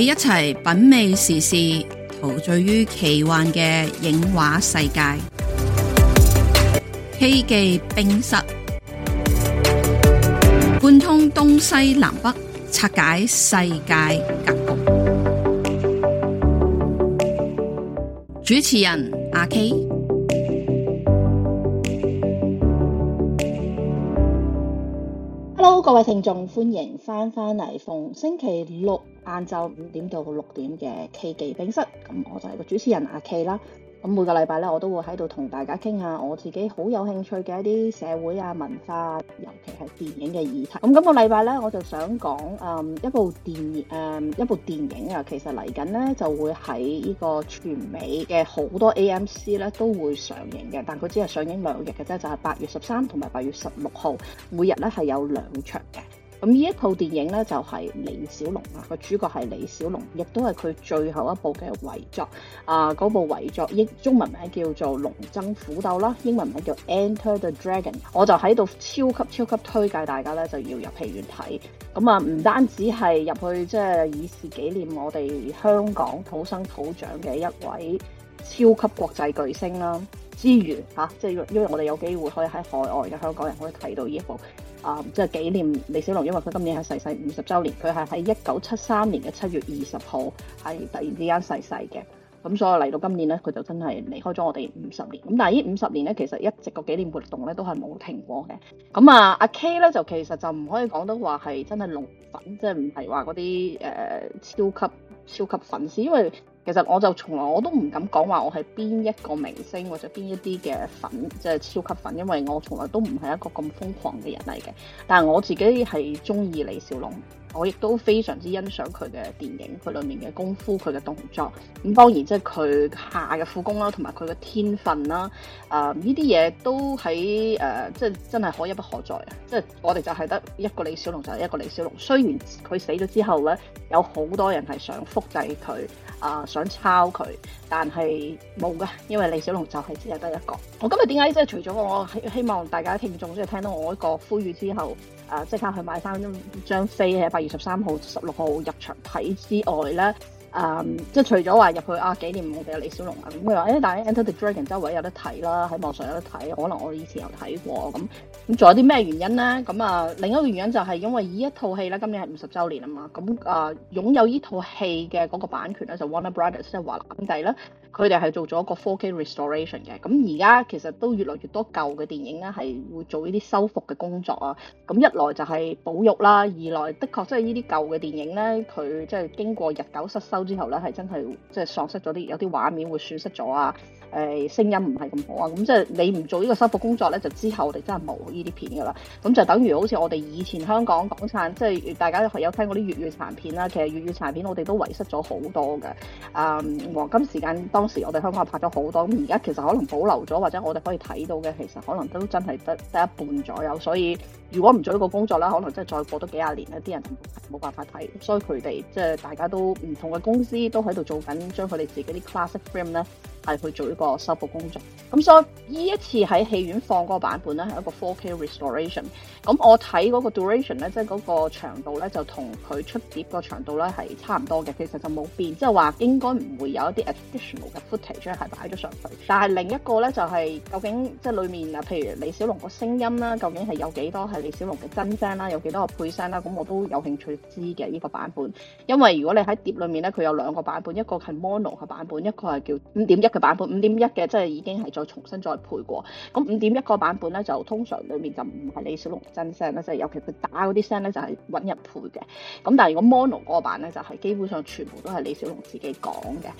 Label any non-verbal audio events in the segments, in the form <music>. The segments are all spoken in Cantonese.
你一齊品味時事，陶醉於奇幻嘅影畫世界。K 記冰室貫通東西南北，拆解世界格局。主持人阿 K，Hello 各位聽眾，歡迎翻返嚟逢星期六。晏晝五點到六點嘅 K 記冰室，咁我就係個主持人阿 K 啦。咁每個禮拜咧，我都會喺度同大家傾下我自己好有興趣嘅一啲社會啊、文化，尤其係電影嘅議題。咁今個禮拜咧，我就想講誒、嗯、一部電誒、嗯、一部電影啊，其實嚟緊咧就會喺呢個全美嘅好多 AMC 咧都會上映嘅，但佢只係上映兩日嘅啫，就係、是、八月十三同埋八月十六號，每日咧係有兩場嘅。咁呢一部電影呢，就係李小龍啦，個主角係李小龍，亦都係佢最後一部嘅遺作。啊、呃，嗰部遺作英中文名叫做《龍爭虎鬥》啦，英文名叫《Enter the Dragon》。我就喺度超級超級推介大家呢，就要入戲院睇。咁啊，唔單止係入去即係以示紀念我哋香港土生土長嘅一位超級國際巨星啦。之餘嚇，即、啊、係因為我哋有機會可以喺海外嘅香港人可以睇到呢一部啊，即、嗯、係、就是、紀念李小龍，因為佢今年係逝世五十週年，佢係喺一九七三年嘅七月二十號係突然之間逝世嘅，咁所以嚟到今年咧，佢就真係離開咗我哋五十年。咁但係呢五十年咧，其實一直個紀念活動咧都係冇停過嘅。咁啊，阿 K 咧就其實就唔可以講得話係真係龍粉，即係唔係話嗰啲誒超級超級粉絲，因為。其實我就從來我都唔敢講話我係邊一個明星或者邊一啲嘅粉即係、就是、超級粉，因為我從來都唔係一個咁瘋狂嘅人嚟嘅。但係我自己係中意李小龍。我亦都非常之欣賞佢嘅電影，佢裏面嘅功夫，佢嘅動作，咁當然即係佢下嘅苦功啦，同埋佢嘅天分啦，啊呢啲嘢都喺誒即係真係可一不可再啊！即係我哋就係得一個李小龍就係一個李小龍，雖然佢死咗之後咧，有好多人係想複製佢啊，想抄佢，但係冇噶，因為李小龍就係只係得一個。我今日點解即係除咗我希希望大家聽眾即係聽到我一個呼籲之後？啊！即、呃、刻去買三張飛喺八月十三號、十六號入場睇之外咧，嗯，啊，即係除咗話入去啊，紀念我哋李小龍啊，咁佢話誒，但係《Enter the Dragon》周圍有得睇啦，喺網上有得睇，可能我以前有睇過，咁咁仲有啲咩原因咧？咁啊，另一個原因就係因為呢一套戲咧，今年係五十週年啊嘛，咁啊，擁、呃、有呢套戲嘅嗰個版權咧，就 Warner Brothers 即係華納兄弟啦。佢哋係做咗一個 4K restoration 嘅，咁而家其實都越嚟越多舊嘅電影咧，係會做呢啲修復嘅工作啊。咁一來就係保育啦，二來的確即係呢啲舊嘅電影咧，佢即係經過日久失修之後咧，係真係即係喪失咗啲，有啲畫面會損失咗啊。誒聲音唔係咁好啊，咁即係你唔做呢個修復工作呢，就之後我哋真係冇呢啲片㗎啦。咁就等於好似我哋以前香港港產，即係大家有聽過啲粵語殘片啦。其實粵語殘片我哋都遺失咗好多嘅。誒、嗯，黃金時間當時我哋香港拍咗好多，而家其實可能保留咗或者我哋可以睇到嘅，其實可能都真係得得一半左右，所以。如果唔做呢個工作啦，可能真係再過多幾廿年咧，啲人就冇辦法睇。所以佢哋即係大家都唔同嘅公司都喺度做緊將佢哋自己啲 classic frame 咧係去做一、呢個修復工作。咁所以呢一次喺戲院放個版本咧係一個 4K restoration。咁我睇個 duration 咧，即係個長度咧就同佢出碟個長度咧係差唔多嘅，其實就冇變，即係話應該唔會有一啲 additional 嘅 footage 係擺咗上去。但係另一個咧就係、係、究竟即係裏面啊，譬如李小龍個聲音啦，究竟係有幾多係。李小龍嘅真聲啦，有幾多個配聲啦，咁我都有興趣知嘅呢個版本，因為如果你喺碟裏面咧，佢有兩個版本，一個係 mono 嘅版本，一個係叫五點一嘅版本，五點一嘅即係已經係再重新再配過，咁五點一個版本咧就通常裏面就唔係李小龍真聲啦，即係尤其佢打嗰啲聲咧就係揾人配嘅，咁但係如果 mono 個版咧就係基本上全部都係李小龍自己講嘅。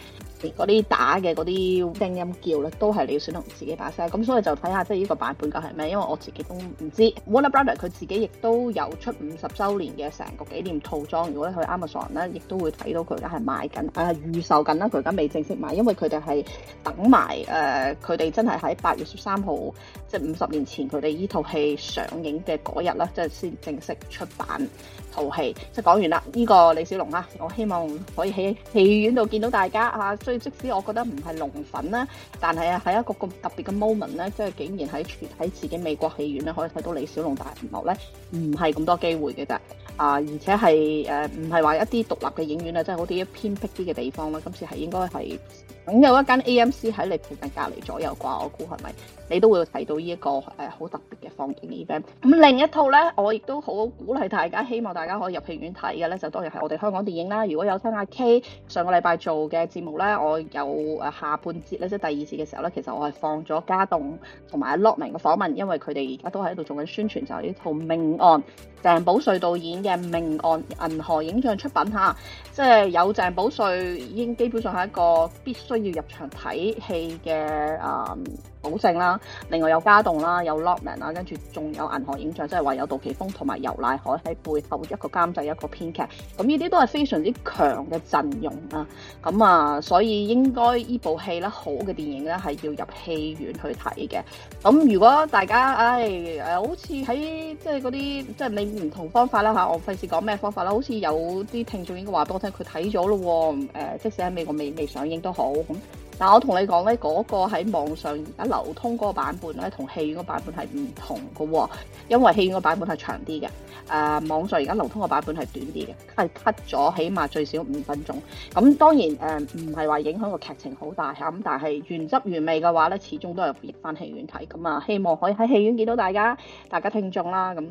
嗰啲打嘅嗰啲聲音叫咧，都係你要選用自己把聲咁，所以就睇下即係呢個版本究竟係咩，因為我自己都唔知。Warner Brothers 佢自己亦都有出五十週年嘅成個紀念套裝，如果去 Amazon 咧，亦都會睇到佢而家係賣緊，啊、呃、預售緊啦，佢而家未正式賣，因為佢哋係等埋誒佢哋真係喺八月十三號，即係五十年前佢哋呢套戲上映嘅嗰日咧，即係先正式出版套戲。即係講完啦，呢、呢個李小龍啦，我希望可以喺戲院度見到大家嚇。啊所以即使我覺得唔係龍粉啦，但係啊，喺一個咁特別嘅 moment 咧，即係竟然喺喺自己美國戲院咧，可以睇到李小龍大銀幕咧，唔係咁多機會嘅啫。啊，而且係誒唔係話一啲獨立嘅影院啊，即係好啲一偏僻啲嘅地方啦，今次係應該係。咁有一間 AMC 喺你附近隔離左右啩，我估係咪你都會睇到呢一個好特別嘅放映 event。咁另一套呢，我亦都好好鼓勵大家，希望大家可以入戲院睇嘅呢就當然係我哋香港電影啦。如果有聽阿 K 上個禮拜做嘅節目呢，我有下半節，即係第二節嘅時候呢，其實我係放咗家棟同埋阿 Lokman 嘅訪問，因為佢哋而家都喺度做緊宣傳，就係、是、呢套命案鄭保瑞導演嘅命案銀河影像出品下，即係有鄭保瑞已經基本上係一個必須，要入場睇戲嘅啊！Um 保證啦，另外有家棟啦，有 Lockman 啦，跟住仲有銀河影像，即係話有杜琪峰同埋游乃海喺背後一個監製，一個編劇，咁呢啲都係非常之強嘅陣容啊！咁啊，所以應該呢部戲啦，好嘅電影咧係要入戲院去睇嘅。咁如果大家，唉，誒，好似喺即係嗰啲，即係你唔同方法啦吓，我費事講咩方法啦，好似有啲聽眾應該話俾我聽佢睇咗咯，誒，即使喺美國未未上映都好咁。但我同你講呢，嗰個喺網上而家流通嗰個版本呢，同戲院個版本係唔同嘅喎，因為戲院個版本係長啲嘅，誒，網上而家流通嘅版本係短啲嘅，係 cut 咗起碼最少五分鐘。咁當然誒，唔係話影響個劇情好大咁，但係原汁原味嘅話呢，始終都係要翻戲院睇。咁啊，希望可以喺戲院見到大家，大家聽眾啦咁。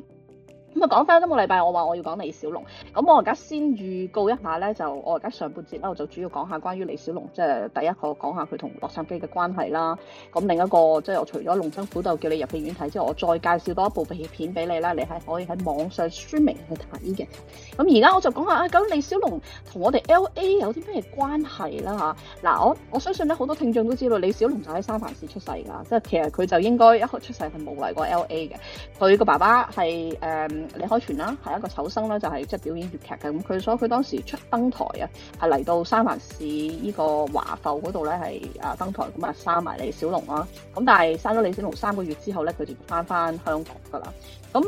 咁啊，講翻今個禮拜，我話我要講李小龍。咁我而家先預告一下咧，就我而家上半節咧，我就主要講下關於李小龍，即係第一個講下佢同洛杉磯嘅關係啦。咁另一個即係我除咗《龍爭虎鬥》叫你入戲院睇之後，我再介紹多一部鼻片俾你啦。你係可以喺網上 streaming 去睇嘅。咁而家我就講下啊，咁李小龍同我哋 L A 有啲咩關係啦？嗱、啊，我我相信咧好多聽眾都知道李小龍就喺三藩市出世㗎，即係其實佢就應該一開出世係冇嚟過 L A 嘅。佢個爸爸係李海泉啦，係一個丑生啦，就係即係表演粵劇嘅。咁佢所以佢當時出登台啊，係嚟到三藩市呢個華埠嗰度咧，係誒登台。咁啊，生埋李小龍啦。咁但係生咗李小龍三個月之後咧，佢就翻翻香港噶啦。咁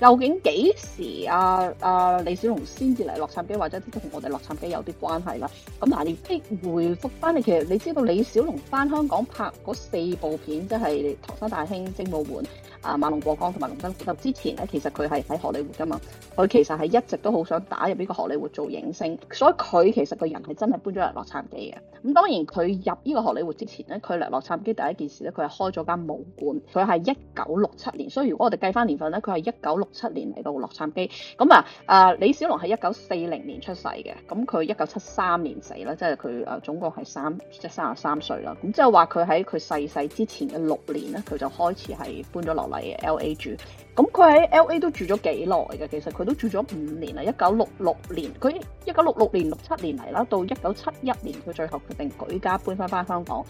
究竟幾時啊？啊李小龍先至嚟洛杉磯，或者同我哋洛杉磯有啲關係啦？咁嗱，你即回覆翻你，其實你知道李小龍翻香港拍嗰四部片，即係唐山大兄、精武門。啊，猛龍過江同埋龍爭虎鬥。就之前咧，其實佢係喺荷里活㗎嘛，佢其實係一直都好想打入呢個荷里活做影星，所以佢其實個人係真係搬咗嚟洛杉磯嘅。咁當然佢入呢個荷里活之前咧，佢嚟洛杉磯第一件事咧，佢係開咗間武館，佢係一九六七年。所以如果我哋計翻年份咧，佢係一九六七年嚟到洛杉磯。咁啊，啊李小龍係一九四零年出世嘅，咁佢一九七三年死啦，即係佢誒總共係三即係三十三歲啦。咁即係話佢喺佢逝世之前嘅六年咧，佢就開始係搬咗落係 L A 住，咁佢喺 L A 都住咗幾耐嘅，其實佢都住咗五年啦，一九六六年，佢一九六六年六七年嚟啦，到一九七一年佢最後決定舉家搬翻翻香港，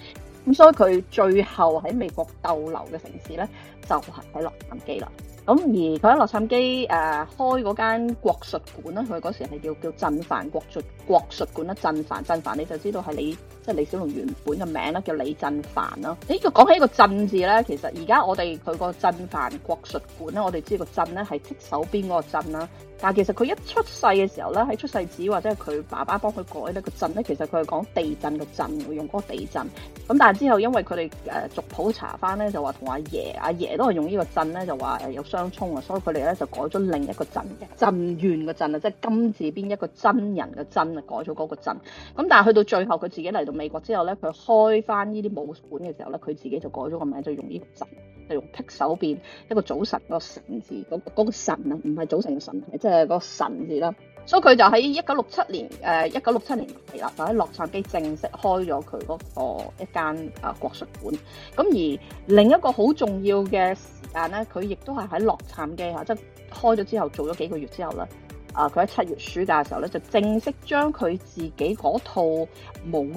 咁所以佢最後喺美國逗留嘅城市呢，就係、是、喺洛杉磯啦。咁而佢喺洛杉磯誒、呃、開嗰間國術館咧，佢嗰時係叫叫振藩國術國術館啦，振藩振藩，你就知道係你。即係李小龍原本嘅名咧，叫李振藩咯。呢個講起個振字咧，其實而家我哋佢個振藩國術館咧，我哋知個振咧係剔手邊嗰個振啦。但係其實佢一出世嘅時候咧，喺出世紙或者係佢爸爸幫佢改呢、那個振咧，其實佢係講地震嘅震，用嗰個地震。咁但係之後因為佢哋誒族譜查翻咧，就話同阿爺阿爺都係用呢個振咧，就話有相沖啊，所以佢哋咧就改咗另一個鎮嘅鎮元嘅鎮啊，即係金字邊一個真人嘅鎮啊，改咗嗰個鎮。咁但係去到最後佢自己嚟到。美國之後咧，佢開翻呢啲武館嘅時候咧，佢自己就改咗個名，就用呢個神，就用剔手邊一個早晨個神字，嗰、嗰個神啊，唔係早晨嘅神，係即係個神字啦。所以佢就喺一九六七年，誒一九六七年嚟喇，就喺洛杉磯正式開咗佢嗰個一間啊國術館。咁而另一個好重要嘅時間咧，佢亦都係喺洛杉磯嚇，即係開咗之後做咗幾個月之後啦。啊！佢喺七月暑假嘅時候咧，就正式將佢自己嗰套武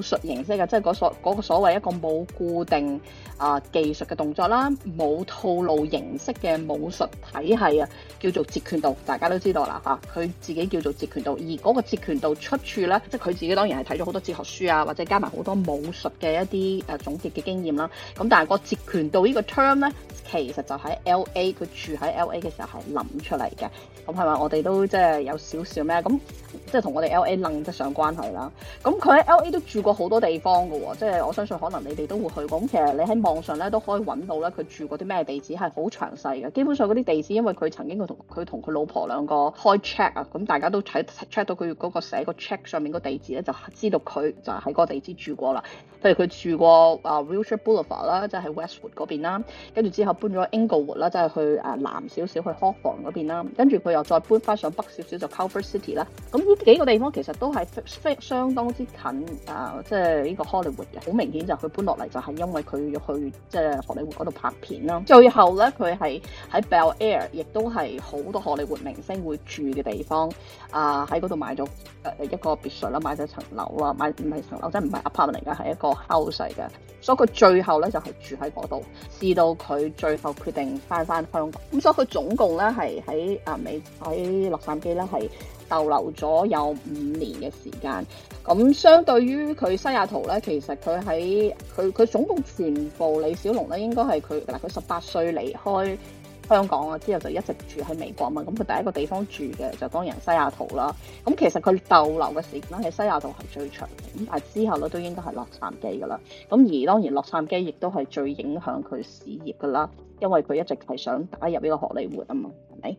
術形式嘅，即係嗰所嗰、嗰個所謂一個冇固定啊、呃、技術嘅動作啦，冇套路形式嘅武術體系啊，叫做截拳道。大家都知道啦嚇，佢、啊、自己叫做截拳道。而嗰個截拳道出處咧，即係佢自己當然係睇咗好多哲學書啊，或者加埋好多武術嘅一啲誒、呃、總結嘅經驗啦。咁但係個截拳道個呢個 term 咧，其實就喺 LA，佢住喺 LA 嘅時候係諗出嚟嘅。咁係咪我哋都即係？有少少咩咁，即係同我哋 L A. 拉得上關係啦。咁佢喺 L A. 都住過好多地方嘅喎，即係我相信可能你哋都會去。咁其實你喺網上咧都可以揾到咧，佢住過啲咩地址係好詳細嘅。基本上啲地址，因為佢曾經佢同佢同佢老婆兩個開 check 啊，咁大家都睇 check 到佢個寫個 check 上面個地址咧，就知道佢就喺個地址住過啦。譬如佢住過啊 Wilshire Boulevard 啦，即係喺 Westwood 嗰邊啦，跟住之後搬咗 Inglewood 啦，即係去誒南少少去 Hawthorne 嗰邊啦，跟住佢又再搬翻上北少少。就 Culver City 啦，咁呢幾個地方其實都係非相當之近啊，即係呢個荷里活嘅，好明顯就佢搬落嚟就係因為佢要去即係荷里活嗰度拍片啦。最後咧，佢係喺 Bell Air，亦都係好多荷里活明星會住嘅地方啊，喺嗰度買咗一個別墅啦，買咗層樓啦，買唔係層樓，即係唔係 apartment 嚟嘅，係一,一,一個 house 嚟嘅。所以佢最後咧就係住喺嗰度，至到佢最後決定返返香港。咁所以佢總共咧係喺啊美喺洛杉磯啦。係逗留咗有五年嘅時間，咁相對於佢西雅圖咧，其實佢喺佢佢總共全部李小龍咧，應該係佢嗱佢十八歲離開香港啊，之後就一直住喺美國啊嘛，咁佢第一個地方住嘅就當然西雅圖啦。咁其實佢逗留嘅時間喺西雅圖係最長嘅，咁但係之後咧都應該係洛杉磯噶啦。咁而當然洛杉磯亦都係最影響佢事業噶啦，因為佢一直係想打入呢個荷里活啊嘛，係咪？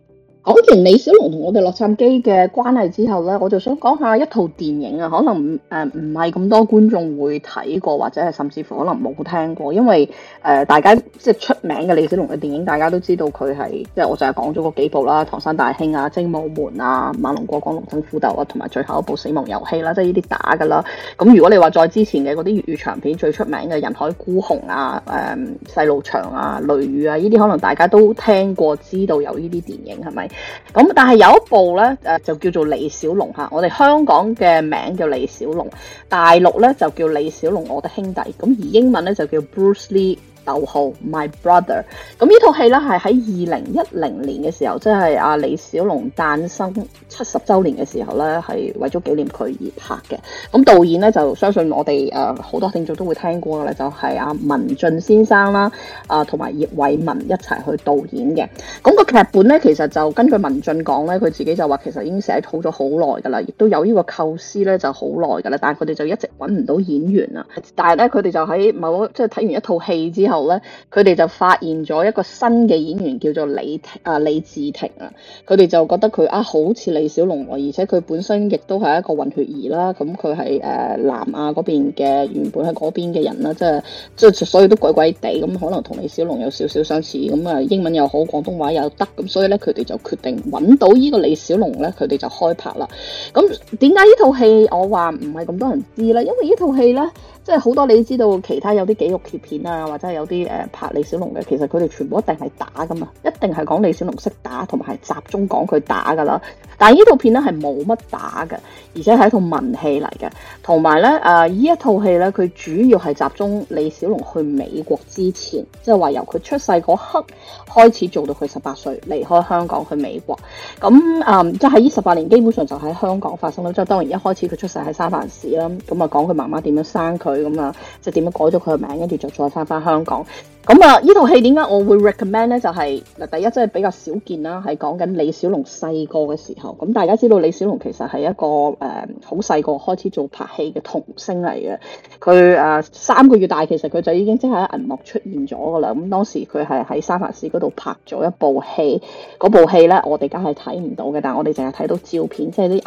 講完李小龍同我哋洛杉磯嘅關係之後呢，我就想講下一套電影啊。可能誒唔係咁多觀眾會睇過，或者係甚至乎可能冇聽過，因為誒、呃、大家即係出名嘅李小龍嘅電影，大家都知道佢係即係我就係講咗嗰幾部啦，《唐山大兄》啊，《精武門》啊，《猛龍過江：龍爭虎鬥》啊，同埋最後一部《死亡遊戲》啊、即這些打的啦，即係呢啲打㗎啦。咁如果你話再之前嘅嗰啲粵語長片，最出名嘅《人海孤鴻》啊、誒、嗯《細路祥》啊、《雷雨》啊，呢啲可能大家都聽過，知道有呢啲電影係咪？是咁但係有一部咧，誒就叫做李小龍吓，我哋香港嘅名叫李小龍，大陸咧就叫李小龍我的兄弟，咁而英文咧就叫 Bruce Lee。頭號 My Brother，咁呢套戲咧係喺二零一零年嘅時候，即係阿李小龍誕生七十周年嘅時候咧，係為咗紀念佢而拍嘅。咁導演咧就相信我哋誒，好、呃、多聽眾都會聽過嘅，就係、是、阿文雋先生啦，啊同埋葉偉文一齊去導演嘅。咁、那個劇本咧，其實就根據文雋講咧，佢自己就話其實已經寫好咗好耐噶啦，亦都有呢個構思咧就好耐噶啦，但係佢哋就一直搵唔到演員啦。但係咧，佢哋就喺某即係睇完一套戲之後。咧，佢哋就發現咗一個新嘅演員，叫做李啊李治廷啊。佢哋就覺得佢啊，好似李小龍，而且佢本身亦都係一個混血兒啦。咁佢係誒南亞嗰邊嘅，原本喺嗰邊嘅人啦，即係即係所以都鬼鬼地咁、嗯，可能同李小龍有少少相似。咁、嗯、啊，英文又好，廣東話又得。咁所以咧，佢哋就決定揾到呢個李小龍咧，佢哋就開拍啦。咁點解呢套戲我話唔係咁多人知咧？因為呢套戲咧。即係好多你知道，其他有啲紀錄片啊，或者有啲、呃、拍李小龍嘅，其實佢哋全部一定係打噶嘛，一定係講李小龍識打，同埋集中講佢打噶啦。但係呢套片咧，係冇乜打㗎，而且係一套文戲嚟嘅。同埋咧誒，呢一套戲咧，佢主要係集中李小龍去美國之前，即係話由佢出世嗰刻開始做到佢十八歲離開香港去美國。咁啊，即係呢十八年基本上就喺香港發生啦。即係當然一開始佢出世喺三藩市啦，咁啊講佢媽媽點樣生佢。咁啊，就點樣改咗佢個名，跟住就再翻翻香港。咁啊，呢套戲點解我會 recommend 咧？就係、是、嗱，第一即係比較少見啦，係講緊李小龍細個嘅時候。咁大家知道李小龍其實係一個誒，好細個開始做拍戲嘅童星嚟嘅。佢誒三個月大，其實佢就已經即係喺銀幕出現咗噶啦。咁當時佢係喺三藩市嗰度拍咗一部戲，嗰部戲咧我哋梗係睇唔到嘅，但係我哋淨係睇到照片，即係啲硬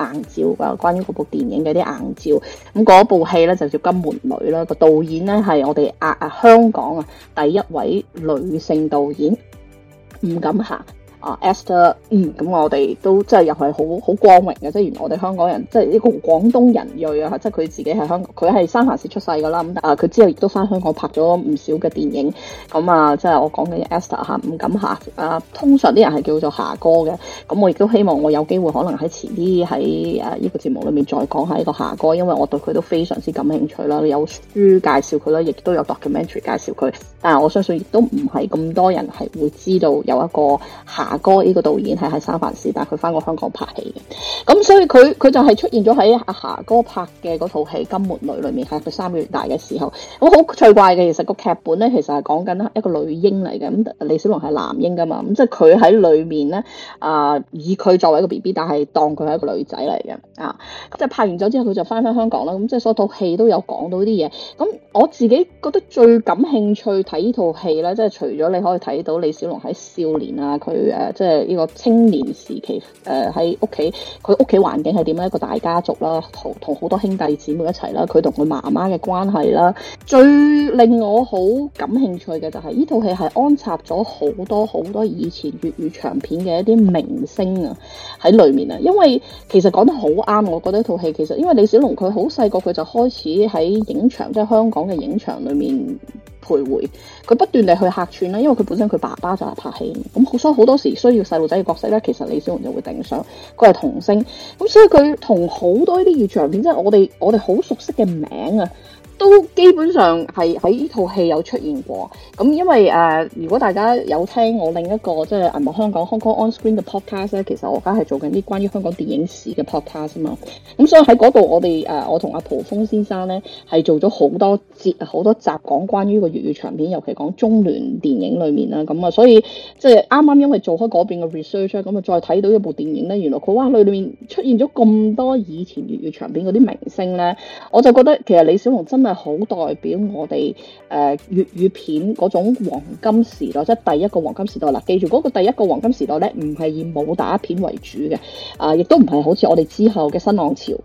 照啊，關於嗰部電影嘅啲硬照。咁嗰部戲咧就叫《金門女》啦，個導演咧係我哋啊香港啊第一。位女性導演唔敢行。啊、uh，Esther，嗯，咁我哋都真係又係好好光榮嘅，即係原來我哋香港人，即係呢個廣東人裔啊，即係佢自己係香港，佢係三藩市出世噶啦，咁啊，佢之後亦都翻香港拍咗唔少嘅電影，咁啊，即係我講緊 Esther 嚇，吳錦霞，下，啊，通常啲人係叫做霞哥嘅，咁我亦都希望我有機會可能喺遲啲喺呢個節目裏面再講下呢個霞哥，因為我對佢都非常之感興趣啦，有書介紹佢啦，亦都有 documentary 介紹佢，但係我相信亦都唔係咁多人係會知道有一個霞哥呢個導演係喺三藩市，但係佢翻過香港拍戲嘅，咁所以佢佢就係出現咗喺阿霞哥拍嘅嗰套戲《金門女》裏面，係佢三個月大嘅時候，咁好趣怪嘅。其實個劇本咧，其實係講緊一個女嬰嚟嘅，咁李小龍係男嬰噶嘛，咁即係佢喺裏面咧，啊、呃、以佢作為一個 B B，但係當佢係一個女仔嚟嘅啊，即係拍完咗之後佢就翻翻香港啦，咁即係所套戲都有講到啲嘢。咁我自己覺得最感興趣睇呢套戲咧，即係除咗你可以睇到李小龍喺少年啊佢。誒，即係呢個青年時期，誒喺屋企，佢屋企環境係點樣一個大家族啦，同同好多兄弟姊妹一齊啦，佢同佢媽媽嘅關係啦，最令我好感興趣嘅就係呢套戲係安插咗好多好多以前粵語長片嘅一啲明星啊喺裏面啊，因為其實講得好啱，我覺得呢套戲其實因為李小龍佢好細個佢就開始喺影場，即係香港嘅影場裏面。徘徊，佢不斷地去客串啦，因為佢本身佢爸爸就係拍戲嘅，咁所以好多時需要細路仔嘅角色咧，其實李小龍就會頂上，佢係童星，咁所以佢同好多呢啲粵語長片，即係我哋我哋好熟悉嘅名啊。都基本上係喺呢套戲有出現過，咁因為誒、呃，如果大家有聽我另一個即係《銀幕香港 Hong Kong On Screen》嘅 podcast 咧，其實我而家係做緊啲關於香港電影史嘅 podcast 啊嘛，咁所以喺嗰度我哋誒、呃，我同阿蒲峰先生咧係做咗好多節好多集講關於個粵語長片，尤其講中聯電影裏面啦，咁啊，所以即係啱啱因為做開嗰邊嘅 research 咧，咁啊再睇到一部電影咧，原來佢裏面出現咗咁多以前粵語長片嗰啲明星咧，我就覺得其實李小龍真係。好代表我哋誒粵語片嗰種黃金時代，即、就、係、是、第一個黃金時代啦。記住嗰、那個第一個黃金時代咧，唔係以武打片為主嘅，啊，亦都唔係好似我哋之後嘅新浪潮誒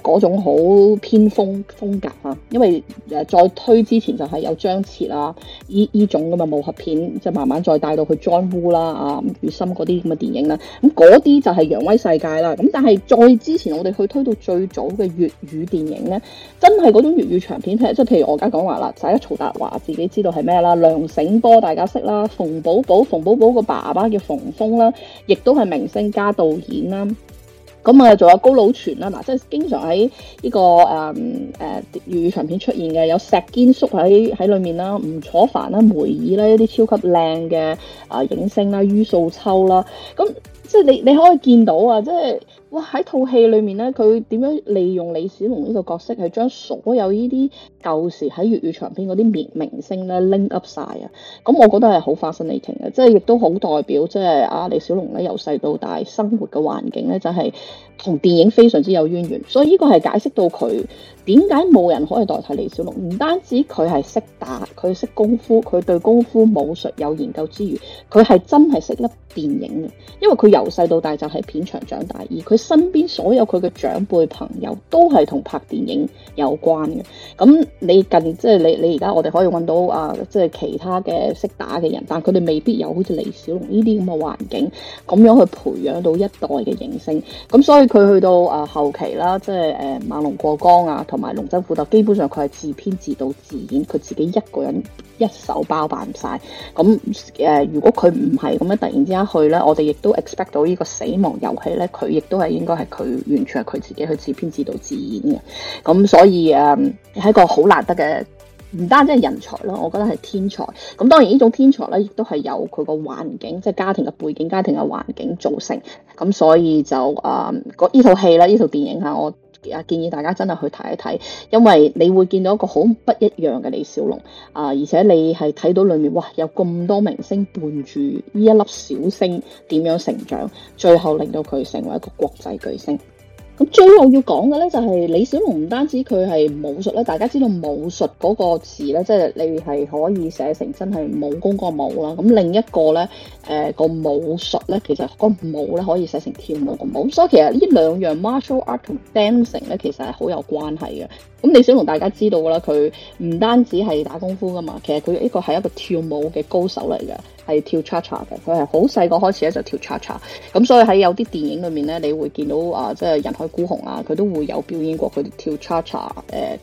嗰、啊、種好偏鋒風格啊。因為誒、啊、再推之前就係有張徹啊，依依種咁嘅武俠片，就是、慢慢再帶到去 John Woo 啦啊，余心嗰啲咁嘅電影啦，咁嗰啲就係揚威世界啦。咁、啊、但係再之前我哋去推到最早嘅粵語電影咧，真係嗰種粵語。長片劈，即係譬如我而家講話啦，大家曹達華自己知道係咩啦，梁醒波大家識啦，馮寶寶，馮寶寶個爸爸叫馮峰啦，亦都係明星加導演啦。咁啊，仲有高老全啦，嗱，即係經常喺呢、這個誒誒粵語長片出現嘅，有石堅叔喺喺裏面啦，吳楚帆啦，梅爾啦，一啲超級靚嘅啊影星啦，于素秋啦，咁即係你你可以見到啊，即係。哇！喺套戲裏面咧，佢點樣利用李小龍呢個角色，去將所有呢啲舊時喺粵語長片嗰啲名明星咧拎 up 晒？啊！咁我覺得係好 fascinating 嘅即係亦都好代表，即係啊李小龍咧由細到大生活嘅環境咧就係、係、同電影非常之有淵源，所以呢個係解釋到佢點解冇人可以代替李小龍。唔單止佢係識打，佢識功夫，佢對功夫武術有研究之餘，佢係真係識得電影嘅，因為佢由細到大就係片場長大，而佢。身邊所有佢嘅長輩朋友都係同拍電影有關嘅，咁你近即係、就是、你你而家我哋可以揾到啊，即、就、係、是、其他嘅識打嘅人，但佢哋未必有好似李小龍呢啲咁嘅環境，咁樣去培養到一代嘅影星，咁所以佢去到啊後期啦，即係誒猛龍過江啊，同埋龍爭虎鬥，基本上佢係自編自導自演，佢自己一個人。一手包辦晒，咁誒、呃、如果佢唔係咁樣突然之間去呢，我哋亦都 expect 到呢個死亡遊戲呢佢亦都係應該係佢完全係佢自己去自編自導自演嘅，咁所以誒係、嗯、一個好難得嘅，唔單止係人才咯，我覺得係天才。咁當然呢種天才呢，亦都係由佢個環境，即、就、係、是、家庭嘅背景、家庭嘅環境造成。咁所以就誒，呢套戲啦，呢、這、套、個、電影係、這個、我。啊！建議大家真係去睇一睇，因為你會見到一個好不一樣嘅李小龍啊！而且你係睇到裏面，哇！有咁多明星伴住呢一粒小星點樣成長，最後令到佢成為一個國際巨星。咁最後要講嘅咧就係李小龍唔單止佢係武術咧，大家知道武術嗰個詞咧，即係你係可以寫成真係武功個武啦。咁另一個咧，誒、呃、個武術咧，其實個武咧可以寫成跳舞個舞。咁所以其實呢兩樣 martial art 同 dancing 咧，其實係好有關係嘅。咁李小龍大家知道啦，佢唔單止係打功夫噶嘛，其實佢呢個係一個跳舞嘅高手嚟嘅，係跳 cha cha 嘅。佢係好細個開始咧就跳 cha cha，咁所以喺有啲電影裏面咧，你會見到啊，即係人海孤鴻啊，佢都會有表演過佢哋跳 cha cha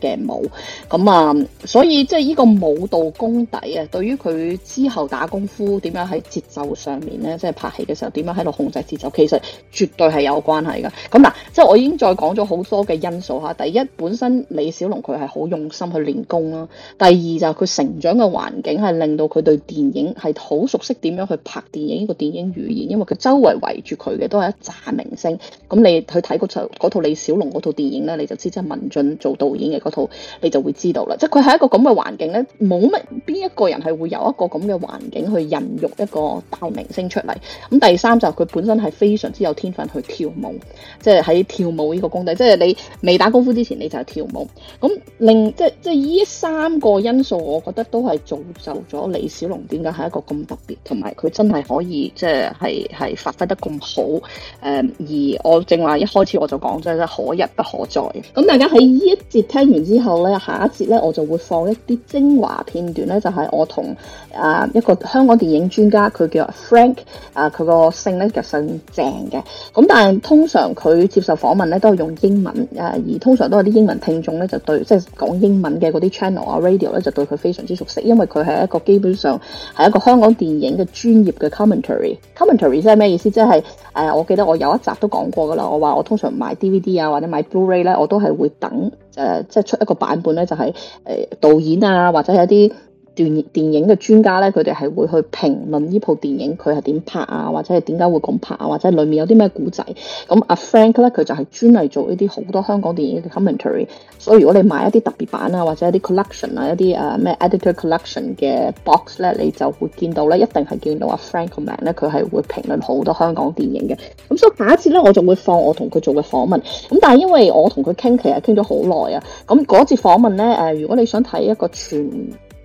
誒嘅舞。咁啊，所以即係呢個舞蹈功底啊，對於佢之後打功夫點樣喺節奏上面咧，即係拍戲嘅時候點樣喺度控制節奏，其實絕對係有關係嘅。咁嗱、啊，即係我已經再講咗好多嘅因素吓，第一本身你。小龍佢係好用心去練功啦、啊。第二就係佢成長嘅環境係令到佢對電影係好熟悉，點樣去拍電影呢、這個電影語言，因為佢周圍圍住佢嘅都係一揸明星。咁你去睇嗰套李小龍嗰套電影呢，你就知道即係文俊做導演嘅嗰套，你就會知道啦。即係佢喺一個咁嘅環境呢，冇乜邊一個人係會有一個咁嘅環境去孕育一個大明星出嚟。咁第三就係佢本身係非常之有天分去跳舞，即係喺跳舞呢個功底。即係你未打功夫之前你就係跳舞。咁另即係即係呢三個因素，我覺得都係造就咗李小龍點解係一個咁特別，同埋佢真係可以即係係係發揮得咁好誒、嗯。而我正話一開始我就講真係可一不可再。咁大家喺呢一節聽完之後咧，下一節咧我就會放一啲精華片段咧，就係、是、我同啊一個香港電影專家，佢叫 Frank 啊、呃，佢個姓咧就姓鄭嘅。咁但係通常佢接受訪問咧都係用英文誒，而通常都係啲英文聽眾咧。就對，即係講英文嘅嗰啲 channel 啊、radio 咧，就對佢非常之熟悉，因為佢係一個基本上係一個香港電影嘅專業嘅 commentary。commentary 即係咩意思？即係、呃、我記得我有一集都講過㗎喇，我話我通常買 DVD 啊或者買 Blu-ray 咧，我都係會等、呃、即係出一個版本咧，就係、是、誒、呃、導演啊或者係一啲。電影嘅專家咧，佢哋係會去評論呢部電影，佢係點拍啊，或者係點解會咁拍啊，或者裏面有啲咩故仔。咁阿、啊、Frank 咧，佢就係專嚟做呢啲好多香港電影嘅 commentary。所以如果你買一啲特別版啊，或者一啲 collection 啊，一啲誒、啊、咩 editor collection 嘅 box 咧，你就會見到咧，一定係見到阿、啊、Frank 嘅名咧，佢係會評論好多香港電影嘅。咁所以下一次咧，我就會放我同佢做嘅訪問。咁但係因為我同佢傾，其實傾咗好耐啊。咁嗰次訪問咧，如果你想睇一個全。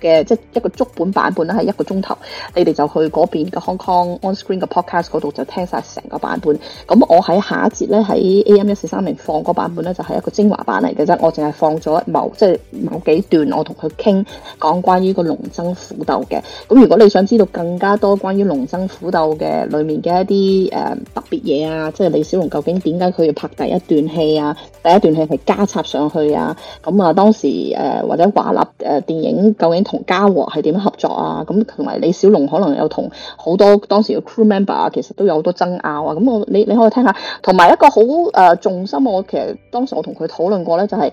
嘅即係一個足本版本咧，係一個鐘頭，你哋就去嗰邊嘅 Hong Kong On Screen 嘅 Podcast 嗰度就聽晒成個版本。咁我喺下一節咧，喺 AM 一四三零放嗰版本咧，就係、是、一個精華版嚟嘅啫。我淨係放咗某，即係某幾段我他，我同佢傾講關於個龍爭虎鬥嘅。咁如果你想知道更加多關於龍爭虎鬥嘅裡面嘅一啲誒、呃、特別嘢啊，即係李小龍究竟點解佢要拍第一段戲啊？第一段戲係加插上去啊？咁啊當時誒、呃、或者華納誒、呃、電影究竟？同嘉禾係點合作啊？咁同埋李小龍可能有同好多當時嘅 crew member 啊，其實都有好多爭拗啊！咁我你你可以聽下，同埋一個好誒重心，我其實當時我同佢討論過呢、就是，就係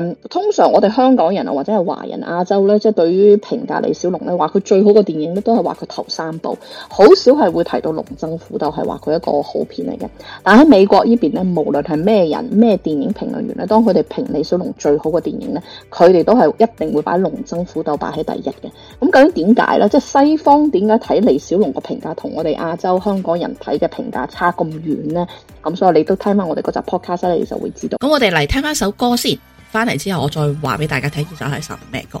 誒通常我哋香港人啊，或者係華人亞洲呢，即、就、係、是、對於評價李小龍呢，話佢最好嘅電影咧，都係話佢頭三部，好少係會提到《龍爭虎鬥》，係話佢一個好片嚟嘅。但喺美國呢邊呢，無論係咩人咩電影評論員咧，當佢哋評李小龍最好嘅電影呢，佢哋都係一定會把《龍爭虎鬥》擺係第一嘅，咁究竟點解呢？即係西方點解睇李小龍個評價同我哋亞洲香港人睇嘅評價差咁遠呢？咁所以你都聽翻我哋嗰集 podcast 啊，你就會知道。咁我哋嚟聽翻首歌先，翻嚟之後我再話俾大家睇，呢首係首咩歌？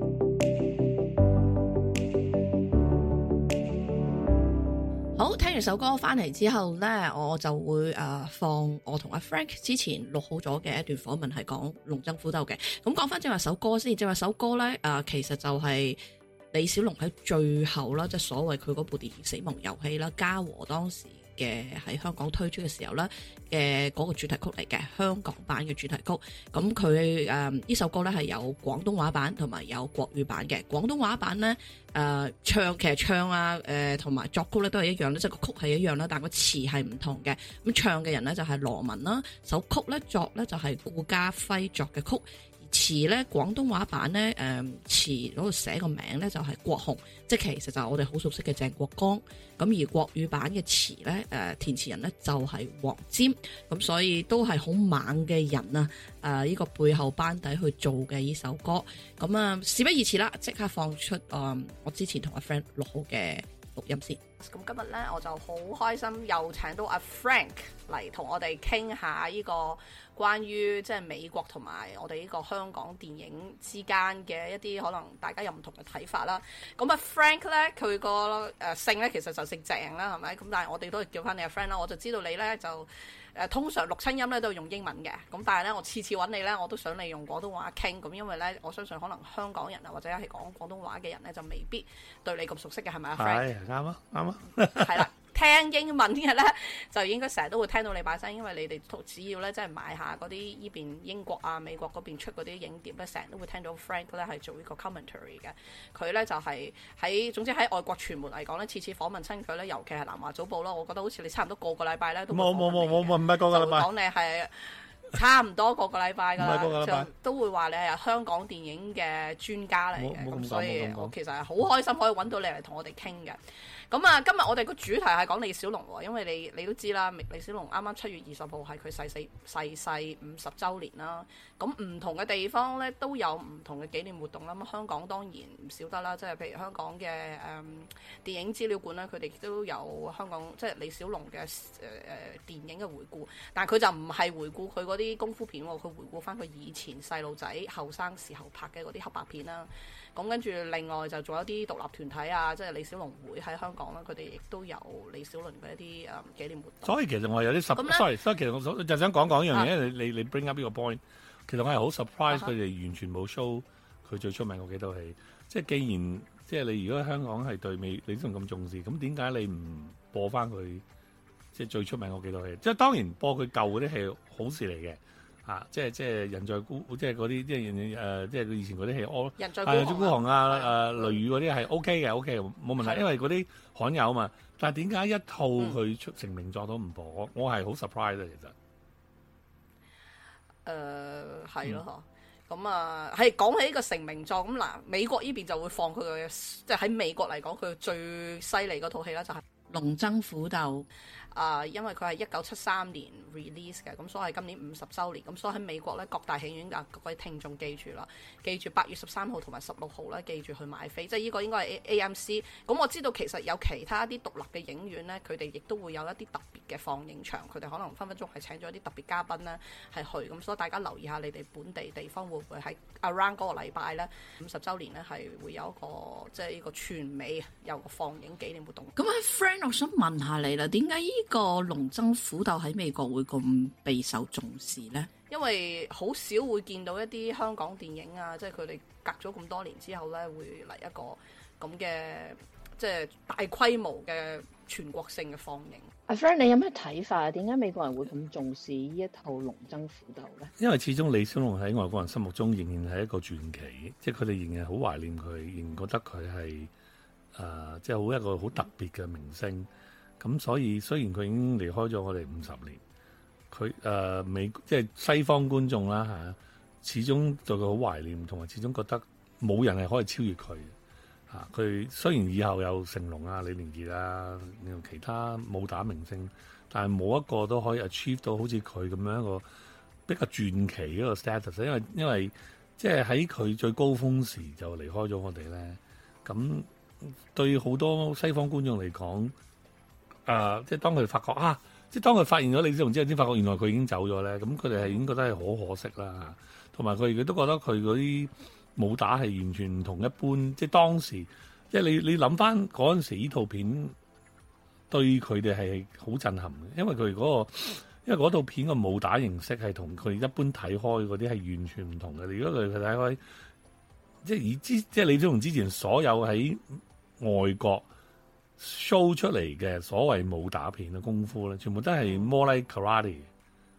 首歌翻嚟之後呢，我就會、呃、放我同阿 Frank 之前錄好咗嘅一段訪問講龍增，係講《龍爭虎鬥》嘅。咁講翻即話首歌先，即話首歌呢，呃、其實就係李小龍喺最後啦，即所謂佢嗰部電影《死亡遊戲》啦，嘉禾當時，嘅喺香港推出嘅時候咧，嘅嗰個主題曲嚟嘅，香港版嘅主題曲。咁佢誒呢首歌咧係有廣東話版同埋有國語版嘅。廣東話版咧誒、呃、唱，其實唱啊誒同埋作曲咧都係一樣，即係個曲係一樣啦，但係個詞係唔同嘅。咁唱嘅人咧就係羅文啦，首曲咧作咧就係顧嘉輝作嘅曲。詞咧廣東話版咧，誒詞嗰度寫個名咧就係國雄，即係其實就係我哋好熟悉嘅鄭國江。咁而國語版嘅詞咧，誒、呃、填詞人咧就係、是、黃霑，咁、嗯、所以都係好猛嘅人啊！誒、呃、呢、這個背後班底去做嘅呢首歌，咁、嗯、啊，事不宜遲啦，即刻放出，誒、呃、我之前同阿 Frank 錄好嘅錄音先。咁今日咧我就好開心，又請到阿 Frank 嚟同我哋傾下呢、這個。關於即係美國同埋我哋呢個香港電影之間嘅一啲可能大家有唔同嘅睇法啦。咁啊 Frank 咧佢個誒姓咧其實就姓鄭啦，係咪？咁但係我哋都叫翻你阿 Frank 啦。我就知道你咧就誒、呃、通常錄親音咧都係用英文嘅。咁但係咧我次次揾你咧我都想你用廣東話傾。咁因為咧我相信可能香港人啊或者係講廣東話嘅人咧就未必對你咁熟悉嘅，係咪啊 Frank？啱啊，啱啊，係啦了。 <laughs> 聽英文嘅咧，就應該成日都會聽到你把聲，因為你哋只要咧，即係買下嗰啲依邊英國啊、美國嗰邊出嗰啲影碟咧，成日都會聽到 Frank 咧係做呢個 commentary 嘅。佢咧就係、是、喺，總之喺外國傳媒嚟講咧，次次訪問親佢咧，尤其係《南華早報》咯。我覺得好似你差唔多個個禮拜咧都冇冇冇冇冇唔係講㗎啦，講你係差唔多個 <laughs> 個禮拜㗎啦，就都會話你係香港電影嘅專家嚟嘅，咁所以我其實係好開心可以揾到你嚟同我哋傾嘅。咁啊，今日我哋個主題係講李小龍喎，因為你你都知啦，李小龍啱啱七月二十號係佢逝世五十週年啦。咁唔同嘅地方呢，都有唔同嘅紀念活動啦。香港當然唔少得啦，即係譬如香港嘅、嗯、電影資料館啦，佢哋都有香港即係、就是、李小龍嘅、呃、電影嘅回顧，但佢就唔係回顧佢嗰啲功夫片喎，佢回顧翻佢以前細路仔後生時候拍嘅嗰啲黑白片啦。咁跟住，另外就仲有一啲獨立團體啊，即係李小龍會喺香港啦。佢哋亦都有李小龍嘅一啲誒紀念活動。所以其實我係有啲 surprise，sorry，sorry。所以其實我就想講講一樣嘢，因為你你你 bring up 呢個 point，其實我係好 surprise 佢哋完全冇 show 佢最出名嗰幾套戲。即係既然即係你如果香港係對美你仲咁重視，咁點解你唔播翻佢即係最出名嗰幾套戲？即係當然播佢舊嗰啲係好事嚟嘅。啊！即係即係人在孤，即係嗰啲即係誒，即係以前嗰啲戲咯，係啊，人在孤行啊，誒的、呃，雷雨嗰啲係 OK 嘅，OK 冇問題，的因為嗰啲罕有嘛。但係點解一套佢出成名作都唔播？嗯、我係好 surprise 啊，其實。誒、呃，係咯咁啊，係講、啊、起個成名作咁嗱、啊，美國呢邊就會放佢嘅，即係喺美國嚟講，佢最犀利嗰套戲啦，就係《龍爭虎鬥》。啊、呃，因為佢係一九七三年 release 嘅，咁所以今年五十週年，咁所以喺美國咧各大戲院啊，各位聽眾記住啦，記住八月十三號同埋十六號啦，記住去買飛，即係呢個應該係 AMC，咁我知道其實有其他啲獨立嘅影院呢，佢哋亦都會有一啲特別嘅放映場，佢哋可能分分鐘係請咗啲特別嘉賓呢係去，咁所以大家留意下你哋本地地方會唔會喺 around 嗰個禮拜呢五十週年呢係會有一個即係呢個全美有個放映紀念活動。咁啊，Frank，我想問下你啦，點解呢個龍爭虎鬥喺美國會咁備受重視呢？因為好少會見到一啲香港電影啊，即係佢哋隔咗咁多年之後呢，會嚟一個咁嘅即係大規模嘅全國性嘅放映。阿 Frank，你有咩睇法啊？點解美國人會咁重視呢一套龍爭虎鬥呢？因為始終李小龍喺外國人心目中仍然係一個傳奇，即係佢哋仍然好懷念佢，仍然覺得佢係誒，即係好一個好特別嘅明星。咁所以，雖然佢已經離開咗我哋五十年，佢誒、呃、美即係西方觀眾啦吓，始終對佢好懷念，同埋始終覺得冇人係可以超越佢嚇。佢、啊、雖然以後有成龍啊、李連杰啊，其他武打明星，但係冇一個都可以 achieve 到好似佢咁樣一個比較傳奇嗰個 status。因為因為即係喺佢最高峰時就離開咗我哋咧，咁對好多西方觀眾嚟講。啊！即係當佢發覺啊，即係當佢發現咗李小龍之後，先發覺原來佢已經走咗咧。咁佢哋係已經覺得係好可惜啦。同埋佢哋都覺得佢嗰啲武打係完全唔同一般。即係當時，即係你你諗翻嗰陣時，呢套片對佢哋係好震撼嘅。因為佢嗰個，因為嗰套片嘅武打形式係同佢一般睇開嗰啲係完全唔同嘅。如果佢佢睇開，即係以之，即係李小龍之前所有喺外國。show 出嚟嘅所謂武打片嘅功夫咧，全部都係 more like karate、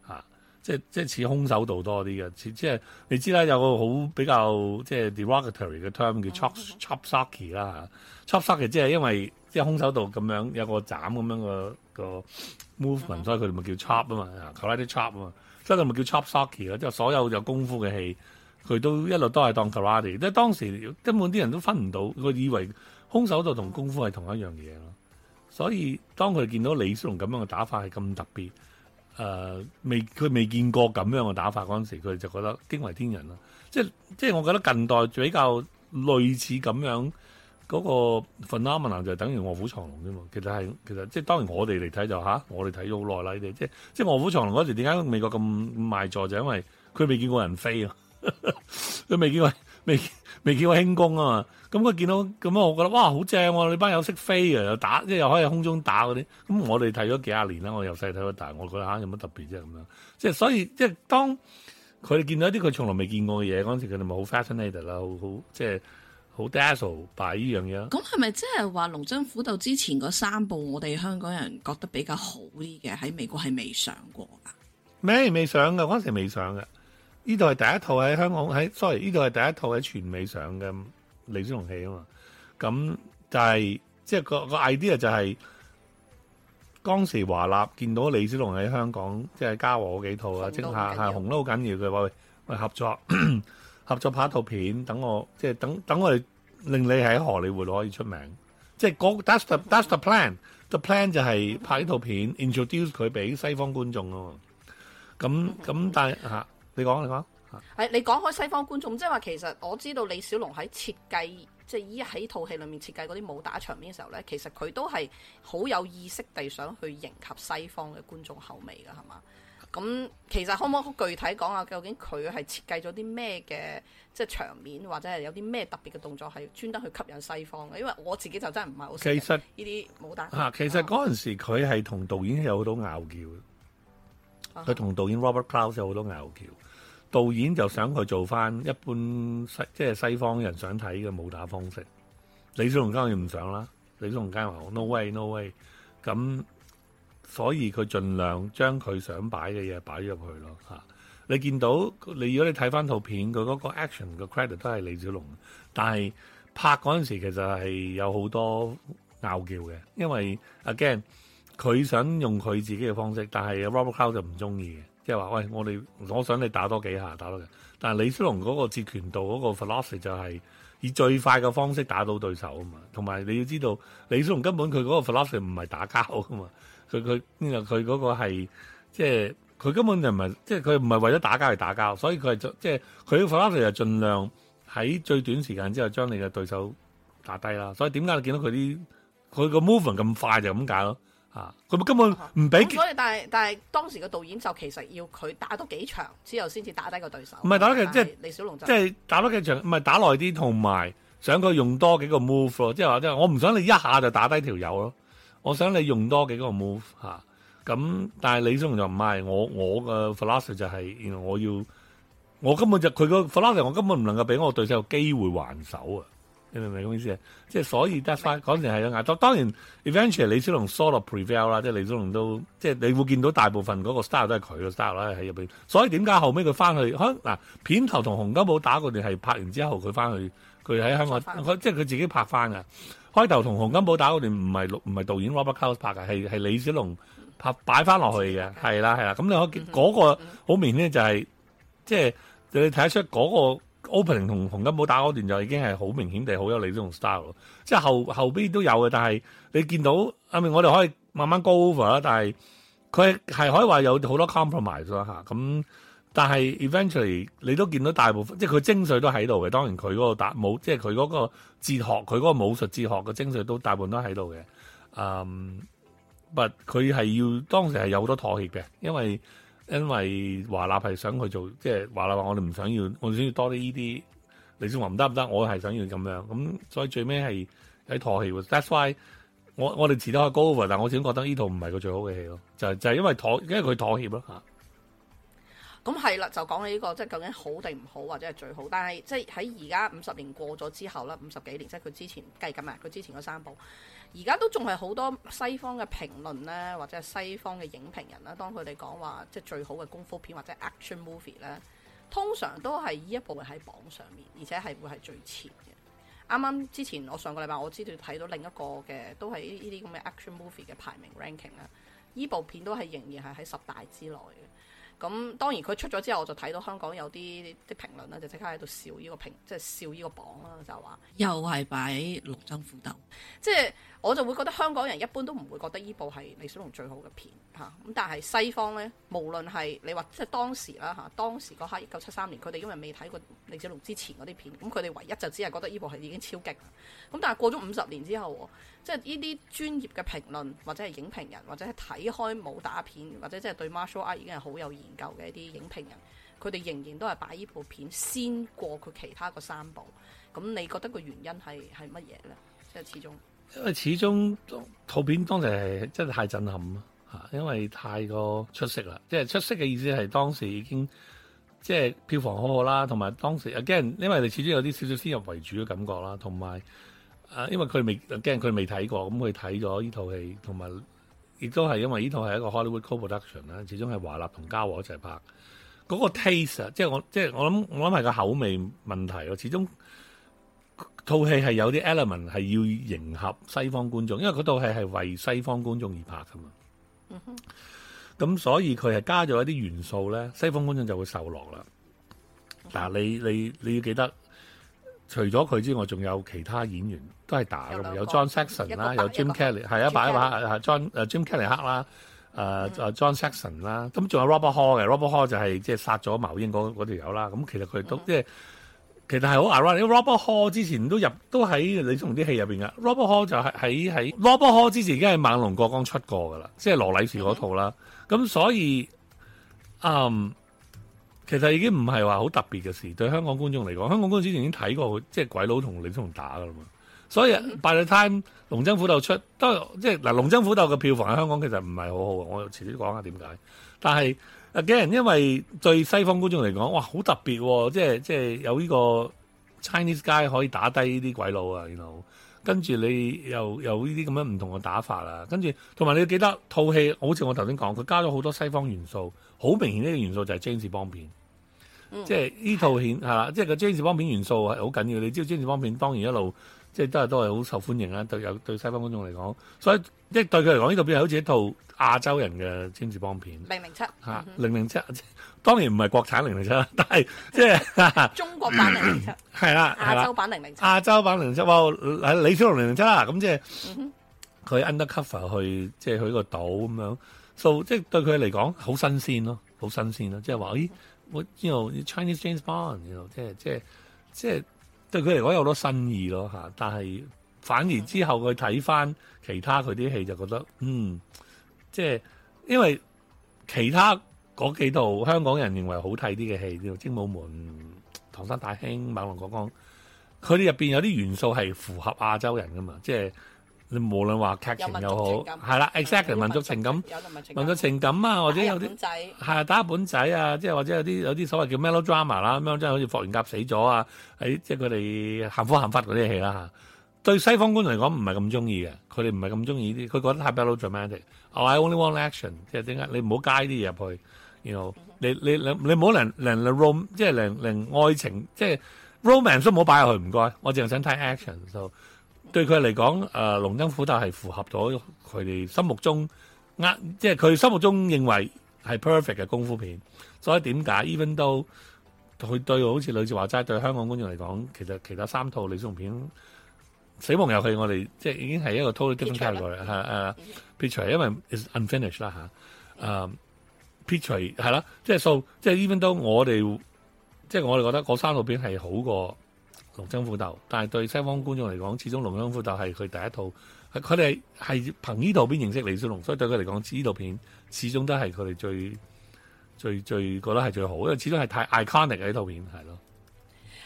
啊、即係即係似空手道多啲嘅，即係你知啦，有個好比較即係 derogatory 嘅 term 叫 chop chop socky 啦 chop socky 即係因為即係空手道咁樣有個斬咁樣、個個 movement，嗯、所以佢咪叫 chop 啊嘛，karate chop 啊嘛，所以、即係佢咪叫 chop socky 咯，即係所有有功夫嘅戲，佢都一路都係當 karate，即係當時根本啲人都分唔到，佢以為，空手道就同功夫係同一樣嘢咯，所以當佢見到李小龍咁樣嘅打法係咁特別，誒未佢未見過咁樣嘅打法嗰陣時，佢就覺得驚為天人啦。即係即係我覺得近代比較類似咁樣嗰、那個 phenomenon 就等於卧虎藏龍啫嘛。其實係其實即係當然我哋嚟睇就吓、啊，我哋睇咗好耐啦，你哋即係即係卧虎藏龍嗰陣時點解美國咁賣座就因為佢未見過人飛，佢未見過未。未見過輕功啊嘛，咁佢見到咁樣，我覺得哇好正喎！你班友識飛啊，又打即係又可以空中打嗰啲。咁我哋睇咗幾廿年啦，我由細睇到大，我覺得吓有乜特別啫咁樣。即係所以，即係當佢哋見到一啲佢從來未見過嘅嘢嗰陣時，佢哋咪好 fascinated 啦，好好即係好 dazzled by 依樣嘢。咁係咪即係話《龍爭虎鬥》之前嗰三部，我哋香港人覺得比較好啲嘅，喺美國係未上過啊？咩未上嘅嗰陣時未上嘅。呢度係第一套喺香港喺，sorry，呢度係第一套喺全美上嘅李小龍戲啊嘛。咁就係即係個個 idea 就係當時華納見到李小龍喺香港，即係嘉禾嗰幾套啊，即係下下紅都好緊要嘅，喂喂合作合作拍一套片，等我即係等等我哋令你喺荷里活可以出名。即係嗰 that's the that's the plan。The plan 就係拍呢套片，introduce 佢俾西方觀眾啊嘛。咁咁但係吓。你講，你講，係你講開西方觀眾，即係話其實我知道李小龍喺設計，即係依喺套戲裏面設計嗰啲武打場面嘅時候咧，其實佢都係好有意識地想去迎合西方嘅觀眾口味噶，係嘛？咁其實可唔可以好具體講下，究竟佢係設計咗啲咩嘅，即係場面或者係有啲咩特別嘅動作係專登去吸引西方嘅？因為我自己就真係唔係好，其實呢啲武打吓，其實嗰陣時佢係同導演有好多拗撬。佢同導演 Robert Clouse 有好多拗撬，導演就想佢做翻一般西即係、就是、西方人想睇嘅武打方式。李小龍根本唔想啦，李小龍梗係話 no way no way。咁所以佢盡量將佢想擺嘅嘢擺入去咯嚇。你見到，你如果你睇翻套片，佢、那、嗰個 action 嘅 credit 都係李小龍，但係拍嗰陣時其實係有好多拗撬嘅，因為 again。佢想用佢自己嘅方式，但係 Robert Clouse 就唔中意嘅，即係話：喂，我哋我想你打多幾下，打多嘅。但係李小龍嗰個截拳、那個、道嗰個 philosophy 就係以最快嘅方式打到對手啊嘛。同埋你要知道，李小龍根本佢嗰個 philosophy 唔係打交噶嘛，佢佢佢嗰個係即係佢根本就唔係即係佢唔係為咗打交而打交，所以佢係即係佢 philosophy 就盡、是、量喺最短時間之後將你嘅對手打低啦。所以點解你見到佢啲佢個 movement 咁快就咁解囉。吓佢、啊、根本唔俾，嗯、所以但係但係當時個導演就其實要佢打多幾場之後先至打低個對手。唔係打多幾，是即係李小龍，即係打多幾場，唔係打耐啲，同埋想佢用多幾個 move 咯，即係話即係我唔想你一下就打低條友咯，我想你用多幾個 move 吓、啊。咁但係李小龍就唔係，我我嘅 flawless 就係我要我根本就佢個 flawless 我根本唔能夠俾我對手機會還手啊。你明唔明咁意思啊？即、就、係、是嗯、所以得翻嗰陣係咁嗌。當然 eventually、嗯、李小龍 solo prevail 啦，即係李小龍都即係、就是、你會見到大部分嗰個 style 都係佢個 style 啦喺入面。所以點解後尾佢翻去？嗱、啊、片頭同洪金寶打嗰段係拍完之後佢翻去，佢喺香港即係佢自己拍翻㗎。開頭同洪金寶打嗰段唔係唔係導演 Robert Clouse 拍嘅，係李小龍拍，拍擺翻落去嘅。係啦係啦，咁你可見嗰個好明顯就係即係你睇得出嗰、那個。Open 同洪金寶打嗰段就已經係好明顯地好有你呢種 style，即係後後邊都有嘅，但係你見到後面我哋可以慢慢 go over 啦、啊，但係佢係可以話有好多 compromise 囉。咁，但係 eventually 你都見到大部分即係佢精髓都喺度嘅，當然佢嗰個打武即係佢嗰個哲學，佢嗰個武術哲學嘅精髓都大部分都喺度嘅，嗯、um，不佢係要當時係有好多妥協嘅，因為。因為華納係想去做，即係華納話我哋唔想要，我，想，一些不行不行，我想要多啲呢啲。你先話唔得唔得，我係想要咁樣。咁所以最尾係喺妥協。That's why 我我哋持得高，但我始終覺得呢套唔係個最好嘅戲咯。就係、就係、是、因為妥，因為佢妥協咯嚇。咁係啦，就講起呢個，即係究竟好定唔好，或者係最好。但係即係喺而家五十年過咗之後啦，五十幾年，即係佢之前計今日，佢之前嗰三部。而家都仲係好多西方嘅評論咧，或者係西方嘅影評人啦，當佢哋講話即係最好嘅功夫片或者 action movie 咧，通常都係呢一部喺榜上面，而且係會係最前嘅。啱啱之前我上個禮拜我知道睇到另一個嘅都係呢啲咁嘅 action movie 嘅排名 ranking 啦，呢部片都係仍然係喺十大之內嘅。咁當然佢出咗之後，我就睇到香港有啲啲評論咧，就即刻喺度笑呢個評，即係笑呢個榜啦，就話又係擺龍爭虎鬥，即係。我就會覺得香港人一般都唔會覺得呢部係李小龍最好嘅片嚇，咁、啊、但係西方呢，無論係你話即係當時啦嚇、啊，當時嗰刻一九七三年，佢哋因為未睇過李小龍之前嗰啲片，咁佢哋唯一就只係覺得呢部係已經超極。咁、啊、但係過咗五十年之後，啊、即係呢啲專業嘅評論或者係影評人，或者係睇開武打片，或者即係對 martial art 已經係好有研究嘅一啲影評人，佢哋仍然都係擺呢部片先過佢其他個三部。咁你覺得個原因係係乜嘢呢？即係始終。因為始終圖片當時係真係太震撼啦嚇，因為太過出色啦，即係出色嘅意思係當時已經即係票房好好啦，同埋當時阿 Gem 因為你始終有啲少少先入為主嘅感覺啦，同埋啊因為佢未阿 Gem 佢未睇過，咁佢睇咗依套戲，同埋亦都係因為呢套係一個 Hollywood co-production 啦，始終係華納同嘉禾一齊拍嗰個 taste，即係我即係我諗我諗係個口味問題咯，始終。套戲係有啲 element 係要迎合西方觀眾，因為嗰套戲係為西方觀眾而拍噶嘛。咁所以佢係加咗一啲元素咧，西方觀眾就會受落啦。嗱，你你你要記得，除咗佢之外，仲有其他演員都係打噶嘛，有 John Saxon 啦，有 Jim Kelly 係啊，擺一擺 John 誒 Jim Kelly 克啦，誒誒 John Saxon 啦，咁仲有 Robert Hall 嘅，Robert Hall 就係即係殺咗茅英嗰嗰條友啦。咁其實佢都即係。其實係好 irony，Robert Hall 之前都入都喺李松啲戲入邊嘅，Robert Hall 就係喺喺 Robert Hall 之前已經係《猛龍過江》出過嘅啦，即係羅禮士嗰套啦。咁所以，嗯，其實已經唔係話好特別嘅事對香港觀眾嚟講，香港觀眾之前已經睇過，即係鬼佬同李松打嘅啦嘛。所以《By the Time 龍爭虎鬥》出都即係嗱，《龍爭虎鬥》嘅票房喺香港其實唔係好好，我遲啲講下點解，但係。啊！again，因為對西方觀眾嚟講，哇，好特別喎、哦！即係即係有呢個 Chinese guy 可以打低呢啲鬼佬啊，然後跟住你又，又有呢啲咁樣唔同嘅打法啦、啊，跟住同埋你記得套戲，好似我頭先講，佢加咗好多西方元素，好明顯呢個元素就係 James Bond 片，嗯、即係呢套片啦的，即係個 James Bond 片元素係好緊要。你知道 James Bond 片當然一路。即係都係都係好受歡迎啦！對有對西方觀眾嚟講，所以即係對佢嚟講，呢套片好似一套亞洲人嘅 James Bond 片。零零七嚇，零零七當然唔係國產零零七啦，但係即係中國版零零七係啦，亞洲版零零七亞洲版零零七喎，係李小龍零零七啦。咁即係、嗯、佢哼 undercover 去即係去一個島咁樣，即係對佢嚟講好新鮮咯，好新鮮咯，即係話、so, 咦，我知道 Chinese James Bond，知道 you know, 即係即係即係。對佢嚟講有好多新意咯吓但係反而之後佢睇翻其他佢啲戲就覺得，嗯，即係因為其他嗰幾套香港人認為好睇啲嘅戲，呢個《精武門》《唐山大兄》《猛龍過江》，佢哋入邊有啲元素係符合亞洲人噶嘛，即係。你無論話劇情又好，係啦，exactly 民族情感，民族情感啊，或者有啲係打本仔啊，即係或者有啲、啊、有啲所謂叫 melodrama 啦、啊、咁樣，即係好似霍元甲死咗啊，誒、哎，即係佢哋幸福幸福嗰啲戲啦、啊、嚇。對西方觀眾嚟講唔係咁中意嘅，佢哋唔係咁中意啲，佢覺得太 melodramatic，I only want action，即係點解你唔好加啲嘢入去 you know,、mm hmm. 你你你你唔好能能 rom，即係能能愛情，即、就、係、是、romance 都唔好擺入去，唔該。我淨係想睇 action 就、so,。對佢嚟講，誒、呃，龍爭虎鬥係符合咗佢哋心目中，呃、啊，即係佢心目中認為係 perfect 嘅功夫片。所以點解 Even though 佢對好似女子話齋對香港觀眾嚟講，其實其他三套李小龍片《死亡遊戲》，我哋即係已經係一個 total different category 誒 Pitcher 因為 is unfinished 啦、啊、吓，誒，Pitcher 係啦，即係數，即係 Even though，我哋，即係我哋覺得嗰三套片係好過。龍爭虎鬥，但係對西方觀眾嚟講，始終龍爭虎鬥係佢第一套，佢哋係憑呢套片認識李小龍，所以對佢嚟講，呢套片始終都係佢哋最最最覺得係最好，因為始終係太 iconic 嘅呢套片，係咯。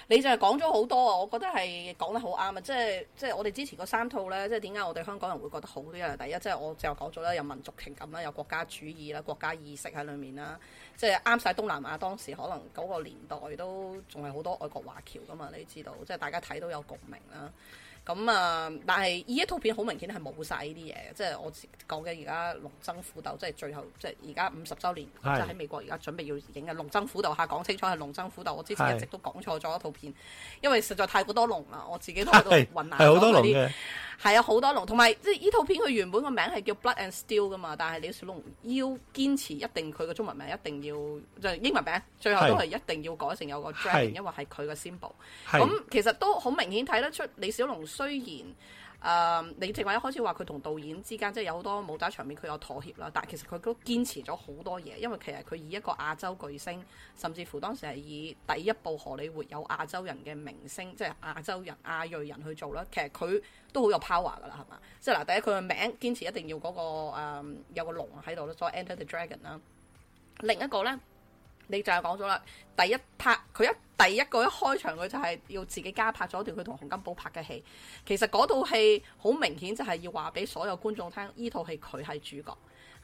你就係講咗好多啊！我覺得係講得好啱啊！即係即係我哋之前嗰三套呢，即係點解我哋香港人會覺得好啲啊？第一，即係我就講咗啦，有民族情感啦，有國家主義啦，國家意識喺裏面啦，即係啱晒東南亞當時可能嗰個年代都仲係好多愛國華僑噶嘛，你知道，即係大家睇到有共鳴啦。咁啊，嗯！但係呢一套片好明顯係冇晒呢啲嘢，即係我講嘅而家《龍爭虎鬥》，即係最後即係而家五十週年，即係喺是的 美國而家準備要影嘅《龍爭虎鬥》下，講清楚係《龍爭虎鬥》，我之前一直都講錯咗一套片，因為實在太過多龍啦，我自己都喺度混難過。係好多龍嘅。係啊，好多龍，同埋即係呢套片佢原本個名係叫 Blood and Steel 噶嘛，但係李小龍要堅持一定佢個中文名一定要就係、英文名，最後都係一定要改成有個 dragon，是因為係佢個 symbol。咁是其實都好明顯睇得出李小龍雖然。誒，um, 你正話一開始話佢同導演之間即係有好多武打場面佢有妥協啦，但係其實佢都堅持咗好多嘢，因為其實佢以一個亞洲巨星，甚至乎當時係以第一部荷里活有亞洲人嘅明星，即係亞洲人、亞裔人去做啦，其實佢都好有 power 噶啦，係嘛？即係嗱，第一佢個名堅持一定要嗰、那個誒、嗯、有個龍喺度咯，所以 Enter the Dragon 啦，另一個呢？你就係講咗啦，第一拍佢一第一個一開場，佢就係要自己加拍咗段佢同洪金寶拍嘅戲。其實嗰套戲好明顯就係要話俾所有觀眾聽，呢套戲佢係主角。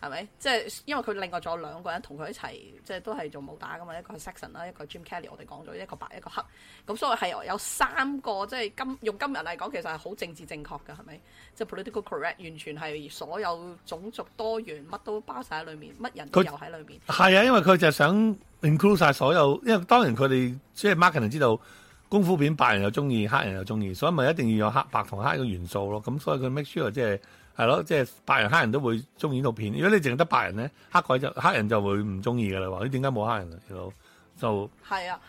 係咪？即係因為佢另外仲有兩個人同佢一齊，即係都係做武打噶嘛。一個係 Saxon 啦，一個 Jim Kelly。我哋講咗一個白一個黑，咁所以係有三個，即係今用今日嚟講，其實係好政治正確㗎，係咪？即係 political correct，完全係所有種族多元，乜都包晒喺裏面，乜人都有喺裏面。係啊，因為佢就想 include 晒所有。因為當然佢哋即係 marketing 知道功夫片白人又中意，黑人又中意，所以咪一定要有黑白同黑嘅元素咯。咁所以佢 make sure 即係。係咯，即係、就是、白人黑人都會中意呢套片。如果你淨得白人咧，黑鬼就黑人就會唔中意噶啦。話你點解冇黑人是啊？大佬就係啊。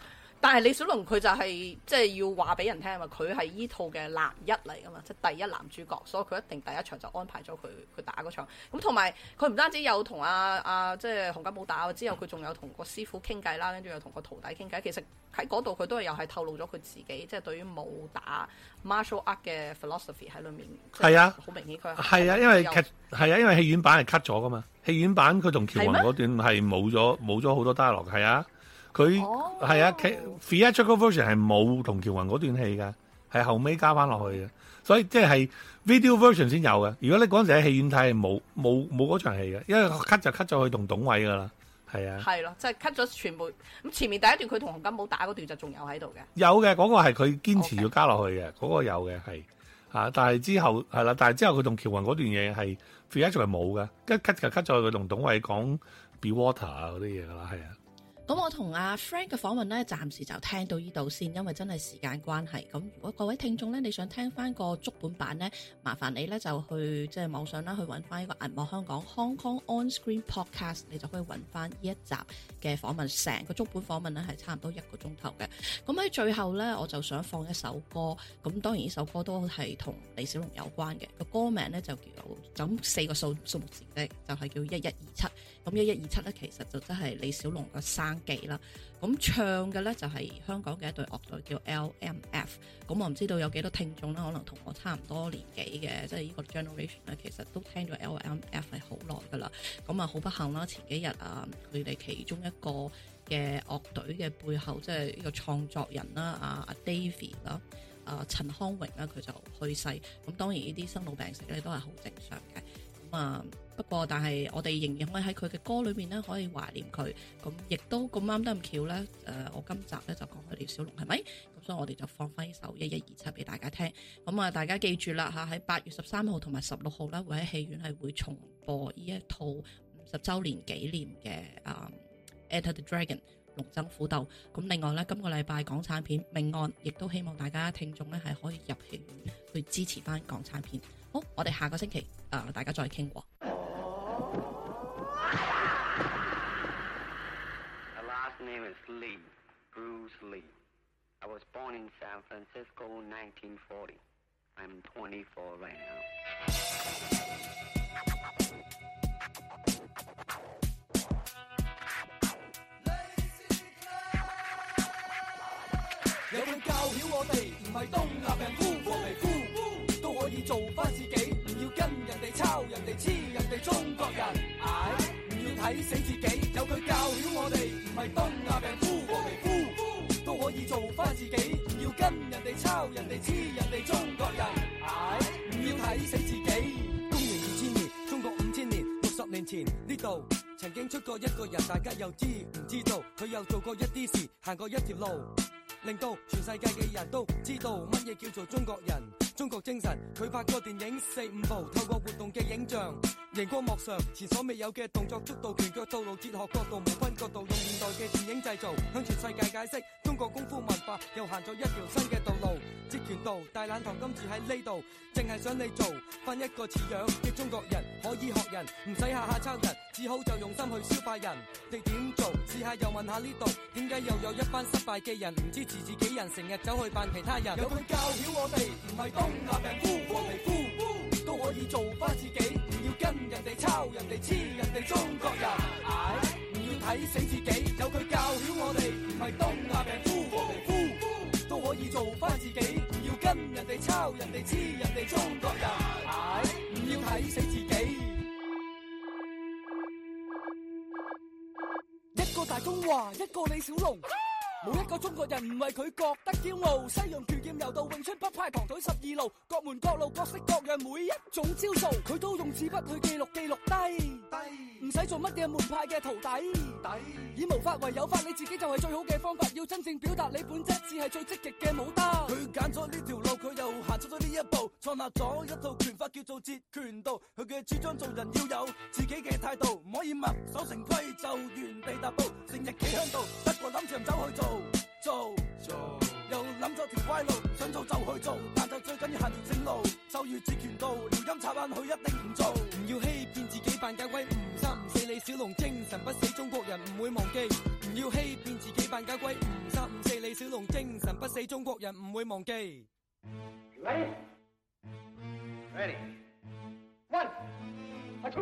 但係李小龍佢就係即係要話俾人聽啊嘛，佢係依套嘅男一嚟㗎嘛，即係第一男主角，所以佢一定第一場就安排咗佢佢打嗰場。咁同埋佢唔單止有同阿阿即係洪金寶打之後，佢仲有同個師傅傾偈啦，然後跟住又同個徒弟傾偈。其實喺嗰度佢都係又係透露咗佢自己即係對於武打 martial art 嘅 philosophy 喺裏面。係啊，好明顯佢係啊，因為 cut 係啊，因為戲院版係 cut 咗噶嘛，戲院版佢同喬宏嗰段係冇咗冇咗好多 dialog，係啊。佢係他、哦、啊，佢、oh. theatrical version 係冇同喬雲嗰段戲㗎，係後尾加翻落去嘅，所以即係 video version 先有嘅。如果你嗰陣時喺戲院睇係冇冇冇嗰場戲嘅，因為 cut 就 cut 咗佢同董偉噶啦，係啊，係咯，即係 cut 咗全部，咁前面第一段佢同洪金寶打嗰段就仲有喺度嘅，有嘅嗰、那個係佢堅持要加落去嘅，嗰 Okay. 個有嘅係啊，但係之後係啦、啊，但係之後佢同喬雲嗰段嘢係 theatrical 係冇嘅，Okay. 一切切跟 cut 就 cut 咗佢同董偉講 be water 啊嗰啲嘢噶啦，係啊。咁我同阿、啊、Frank 嘅訪問呢，暫時就聽到呢度先，因為真係時間關係。咁如果各位聽眾呢，你想聽翻個足本版呢，麻煩你呢就去即係網上啦，去揾翻呢個銀幕香港 Hong Kong On Screen Podcast，你就可以揾翻呢一集嘅訪問。成個足本訪問呢係差唔多一個鐘頭嘅。咁喺最後呢，我就想放一首歌。咁當然呢首歌都係同李小龍有關嘅。個歌名呢就叫就四個數,數字嘅，就係、是、叫一一二七。咁一一二七咧，其實就真係李小龍個生忌啦。咁唱嘅咧就係香港嘅一隊樂隊叫 L.M.F。咁我唔知道有幾多聽眾啦，可能同我差唔多年紀嘅，即係呢個 generation 咧，其實都聽咗 L.M.F 係好耐噶啦。咁啊，好不幸啦，前幾日啊，佢哋其中一個嘅樂隊嘅背後，即係呢個創作人啦，阿阿 David 啦，啊陳康榮啦，佢就去世。咁當然呢啲生老病死咧都係好正常嘅。啊、嗯！不過，但係我哋仍然可以喺佢嘅歌裏面咧，可以懷念佢。咁亦都咁啱得咁巧咧。誒、呃，我今集咧就講咗李小龍係咪？咁所以我哋就放翻呢首一一二七俾大家聽。咁、嗯、啊，大家記住啦嚇，喺八月十三號同埋十六號咧，會喺戲院係會重播呢一套五十週年紀念嘅《Enter the Dragon 龍爭虎鬥》嗯。咁另外咧，今個禮拜港產片《命案》亦都希望大家聽眾咧係可以入戲院去支持翻港產片。好，我哋下個星期啊、呃，大家再傾過。做翻自己，唔要跟人哋抄人哋，黐人哋中國人，唉！唔要睇死自己，有佢教曉我哋，唔係東亞病夫，我哋夫都可以做翻自己，唔要跟人哋抄人哋，黐人哋中國人，唉！唔要睇死自己。公元二千年，中國五千年，六十年前呢度曾經出過一個人，大家又知唔知道？佢又做過一啲事，行過一條路，令到全世界嘅人都知道乜嘢叫做中國人。中國精神，佢拍過電影四五部，透過活動嘅影像，熒光幕上前所未有嘅動作、速度拳腳、套路、哲學角度，唔分國度，用現代嘅電影製造，向全世界解釋。中國功夫文化，又行咗一條新嘅道路。截拳道大懶堂今次在這裡，今住喺呢度，淨係想你做，翻一個似樣嘅中國人，可以學人，唔使下下抄人，只好就用心去消化人哋，點做試下，又問下呢度，點解又有一班失敗嘅人，唔支持自己人，成日走去扮其他人。有佢教曉我哋，唔係東亞病夫，光皮膚都可以做翻自己，唔要跟人哋抄人哋黐人哋中國人。哎睇死自己，有佢教曉我哋，唔係東亞病夫，夫，夫，夫都可以做翻自己，唔要跟人哋抄，人哋黐，人哋中國人，唉，唔要睇死自己，一個大中華，一個李小龍。冇一個中國人唔為佢覺得驕傲，西洋拳、劍、柔道、詠春、北派潭腿十二路，各門各路各式各樣每一種招數，佢都用紙筆去記錄記錄低低，唔使低做乜嘢門派嘅徒弟底，低低以無法為有法，你自己就係最好嘅方法，要真正表達你本質，只係最積極嘅武道。佢揀咗呢條路，佢又行出咗呢一步，創立咗一套拳法叫做截拳道。佢嘅主張做人要有自己嘅態度，唔可以墨守成規就原地踏步，成日企喺度，不過諗長走去做。做做做，又諗咗條歪路，想做就去做，但就最緊要行條正路。就如截拳道，連音插返去一定唔做，唔要欺騙自己扮假鬼。唔三唔四李小龍精神不死，中國人唔會忘記。唔要欺騙自己扮假鬼，唔三唔四李小龍精神不死，中國人唔會忘記。Ready，One，a t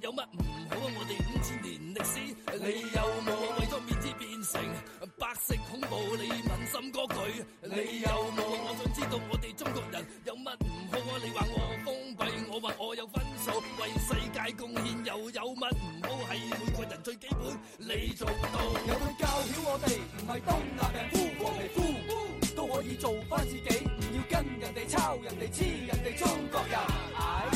有乜唔好啊？我哋五千年歷史，你有冇啊？為咗面子變成白色恐怖，你問心嗰句，你有冇？我想知道我哋中國人有乜唔好啊？你話我封閉，我話我有分數，為世界貢獻，又有乜唔好？係每個人最基本，你做不到有去教曉我哋，唔係東亞病夫，我哋夫都可以做翻自己，唔要跟人哋抄人哋，黐人哋中國人。